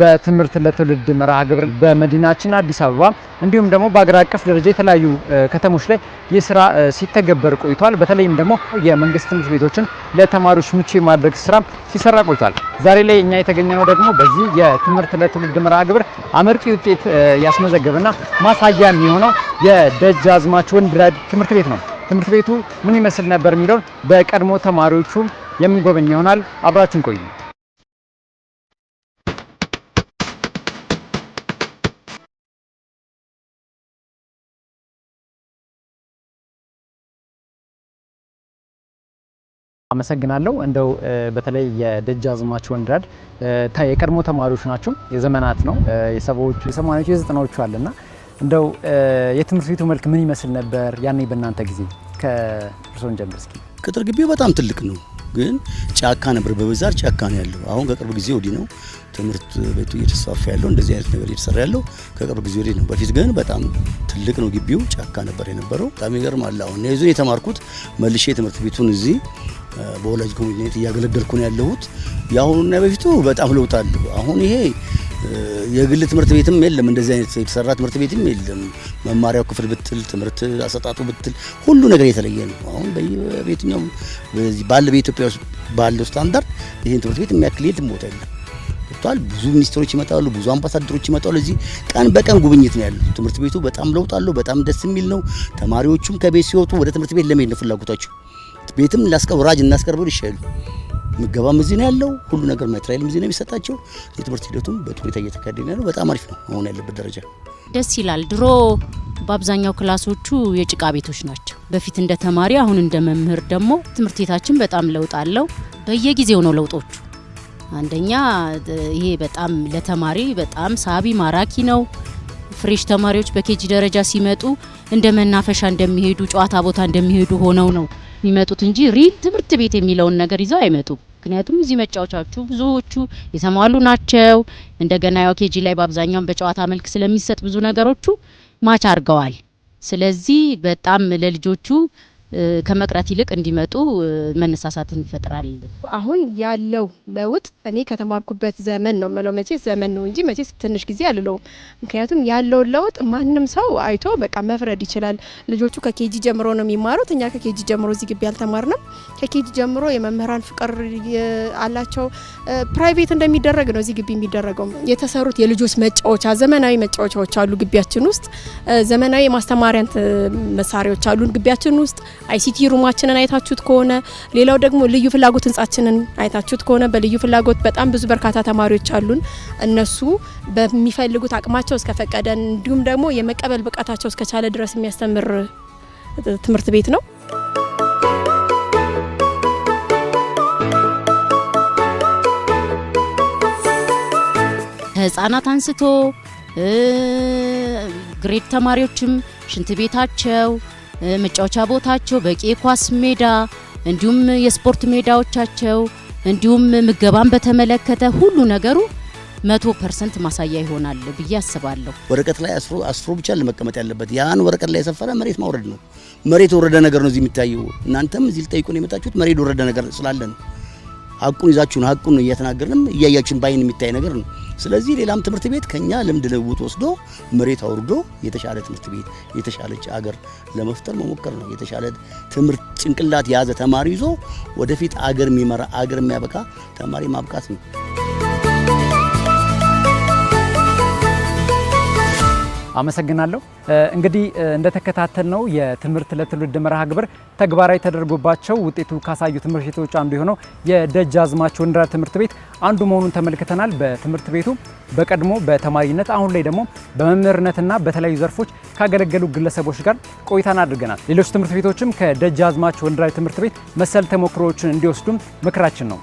በትምህርት ለትውልድ መርሃ ግብር በመዲናችን አዲስ አበባ እንዲሁም ደግሞ በአገር አቀፍ ደረጃ የተለያዩ ከተሞች ላይ ይህ ስራ ሲተገበር ቆይቷል። በተለይም ደግሞ የመንግስት ትምህርት ቤቶችን ለተማሪዎች ምቹ የማድረግ ስራ ሲሰራ ቆይቷል። ዛሬ ላይ እኛ የተገኘነው ደግሞ በዚህ የትምህርት ለትውልድ መርሃ ግብር አመርቂ ውጤት ያስመዘገበና ማሳያ የሚሆነው የደጃዝማች ወንድይራድ ትምህርት ቤት ነው። ትምህርት ቤቱ ምን ይመስል ነበር የሚለውን በቀድሞ ተማሪዎቹ የምንጎበኝ ይሆናል። አብራችን ቆዩ። አመሰግናለሁ እንደው በተለይ የደጃዝማች ወንድይራድ የቀድሞ ተማሪዎች ናቸው። የዘመናት ነው የሰባዎቹ የሰማንያዎቹ የዘጠናዎቹ አለ እንደው የትምህርት ቤቱ መልክ ምን ይመስል ነበር ያኔ በእናንተ ጊዜ? ከእርሶን ጀምር እስኪ። ቅጥር ግቢው በጣም ትልቅ ነው። ግን ጫካ ነበር፣ በብዛት ጫካ ነው ያለው። አሁን ከቅርብ ጊዜ ወዲህ ነው ትምህርት ቤቱ እየተስፋፋ ያለው፣ እንደዚህ አይነት ነገር እየተሰራ ያለው ከቅርብ ጊዜ ወዲህ ነው። በፊት ግን በጣም ትልቅ ነው ግቢው፣ ጫካ ነበር የነበረው። በጣም ይገርማል። አሁን ይዞን የተማርኩት መልሼ ትምህርት ቤቱን እዚህ በወላጅ ኮሚኒቲ እያገለገልኩ ነው ያለሁት። የአሁኑና በፊቱ በጣም ለውጥ አለው። አሁን ይሄ የግል ትምህርት ቤትም የለም፣ እንደዚህ አይነት የተሰራ ትምህርት ቤትም የለም። መማሪያው ክፍል ብትል ትምህርት አሰጣጡ ብትል ሁሉ ነገር የተለየ ነው። አሁን በየቤትኛው ባለ በኢትዮጵያ ውስጥ ባለው ስታንዳርድ ይህን ትምህርት ቤት የሚያክል የትም ቦታ የለም። ገብቷል። ብዙ ሚኒስትሮች ይመጣሉ፣ ብዙ አምባሳደሮች ይመጣሉ። እዚህ ቀን በቀን ጉብኝት ነው ያለው። ትምህርት ቤቱ በጣም ለውጥ አለው። በጣም ደስ የሚል ነው። ተማሪዎቹም ከቤት ሲወጡ ወደ ትምህርት ቤት ለመሄድ ነው ፍላጎታቸው። ቤትም ላስቀ ራጅ እናስቀርበው ይሻሉ ምገባም እዚህ ነው ያለው። ሁሉ ነገር ማትሪያልም እዚህ ነው የሚሰጣቸው። የትምህርት ሂደቱም በጥሩ ሁኔታ እየተካሄደ ነው ያለው። በጣም አሪፍ ነው አሁን ያለበት ደረጃ። ደስ ይላል። ድሮ በአብዛኛው ክላሶቹ የጭቃ ቤቶች ናቸው። በፊት እንደ ተማሪ አሁን እንደ መምህር ደግሞ ትምህርት ቤታችን በጣም ለውጥ አለው። በየጊዜው ነው ለውጦቹ። አንደኛ ይሄ በጣም ለተማሪ በጣም ሳቢ ማራኪ ነው። ፍሬሽ ተማሪዎች በኬጂ ደረጃ ሲመጡ እንደ መናፈሻ እንደሚሄዱ ጨዋታ ቦታ እንደሚሄዱ ሆነው ነው የሚመጡት እንጂ ሪል ትምህርት ቤት የሚለውን ነገር ይዘው አይመጡም። ምክንያቱም እዚህ መጫወቻችሁ ብዙዎቹ የተሟሉ ናቸው። እንደገና ያው ኬጂ ላይ በአብዛኛው በጨዋታ መልክ ስለሚሰጥ ብዙ ነገሮቹ ማች አድርገዋል። ስለዚህ በጣም ለልጆቹ ከመቅረት ይልቅ እንዲመጡ መነሳሳትን ይፈጥራል። አሁን ያለው ለውጥ እኔ ከተማርኩበት ዘመን ነው የምለው። መቼ ዘመን ነው እንጂ መቼ ትንሽ ጊዜ አልለውም። ምክንያቱም ያለውን ለውጥ ማንም ሰው አይቶ በቃ መፍረድ ይችላል። ልጆቹ ከኬጂ ጀምሮ ነው የሚማሩት። እኛ ከኬጂ ጀምሮ እዚህ ግቢ አልተማርንም። ከኬጂ ጀምሮ የመምህራን ፍቅር አላቸው። ፕራይቬት እንደሚደረግ ነው እዚህ ግቢ የሚደረገው። የተሰሩት የልጆች መጫወቻ ዘመናዊ መጫወቻዎች አሉ ግቢያችን ውስጥ። ዘመናዊ የማስተማሪያ መሳሪያዎች አሉን ግቢያችን ውስጥ አይሲቲ ሩማችንን አይታችሁት ከሆነ ሌላው ደግሞ ልዩ ፍላጎት ህንጻችንን አይታችሁት ከሆነ በልዩ ፍላጎት በጣም ብዙ በርካታ ተማሪዎች አሉን። እነሱ በሚፈልጉት አቅማቸው እስከፈቀደ እንዲሁም ደግሞ የመቀበል ብቃታቸው እስከቻለ ድረስ የሚያስተምር ትምህርት ቤት ነው። ከህፃናት አንስቶ ግሬድ ተማሪዎችም ሽንት ቤታቸው መጫወቻ ቦታቸው በቂ የኳስ ሜዳ እንዲሁም የስፖርት ሜዳዎቻቸው እንዲሁም ምገባን በተመለከተ ሁሉ ነገሩ መቶ ፐርሰንት ማሳያ ይሆናል ብዬ አስባለሁ። ወረቀት ላይ አስፍሮ አስፍሮ ብቻ ለመቀመጥ ያለበት ያን ወረቀት ላይ የሰፈረ መሬት ማውረድ ነው። መሬት ወረደ ነገር ነው እዚህ የሚታየው። እናንተም እዚህ ልጠይቁን የመጣችሁት መሬት ወረደ ነገር ስላለን ነው። ሀቁን ይዛችሁ ነው። ሀቁን እየተናገርንም እያያችን ባይን የሚታይ ነገር ነው። ስለዚህ ሌላም ትምህርት ቤት ከኛ ልምድ ልውውጥ ወስዶ መሬት አውርዶ የተሻለ ትምህርት ቤት የተሻለች አገር ለመፍጠር መሞከር ነው። የተሻለ ትምህርት ጭንቅላት የያዘ ተማሪ ይዞ ወደፊት አገር የሚመራ አገር የሚያበቃ ተማሪ ማብቃት ነው። አመሰግናለሁ። እንግዲህ እንደተከታተልነው የትምህርት ለትውልድ መርሃ ግብር ተግባራዊ ተደርጎባቸው ውጤቱ ካሳዩ ትምህርት ቤቶች አንዱ የሆነው የደጃዝማች ወንድይራድ ትምህርት ቤት አንዱ መሆኑን ተመልክተናል። በትምህርት ቤቱ በቀድሞ በተማሪነት አሁን ላይ ደግሞ በመምህርነትና በተለያዩ ዘርፎች ካገለገሉ ግለሰቦች ጋር ቆይታን አድርገናል። ሌሎች ትምህርት ቤቶችም ከደጃዝማች ወንድይራድ ትምህርት ቤት መሰል ተሞክሮዎችን እንዲወስዱም ምክራችን ነው።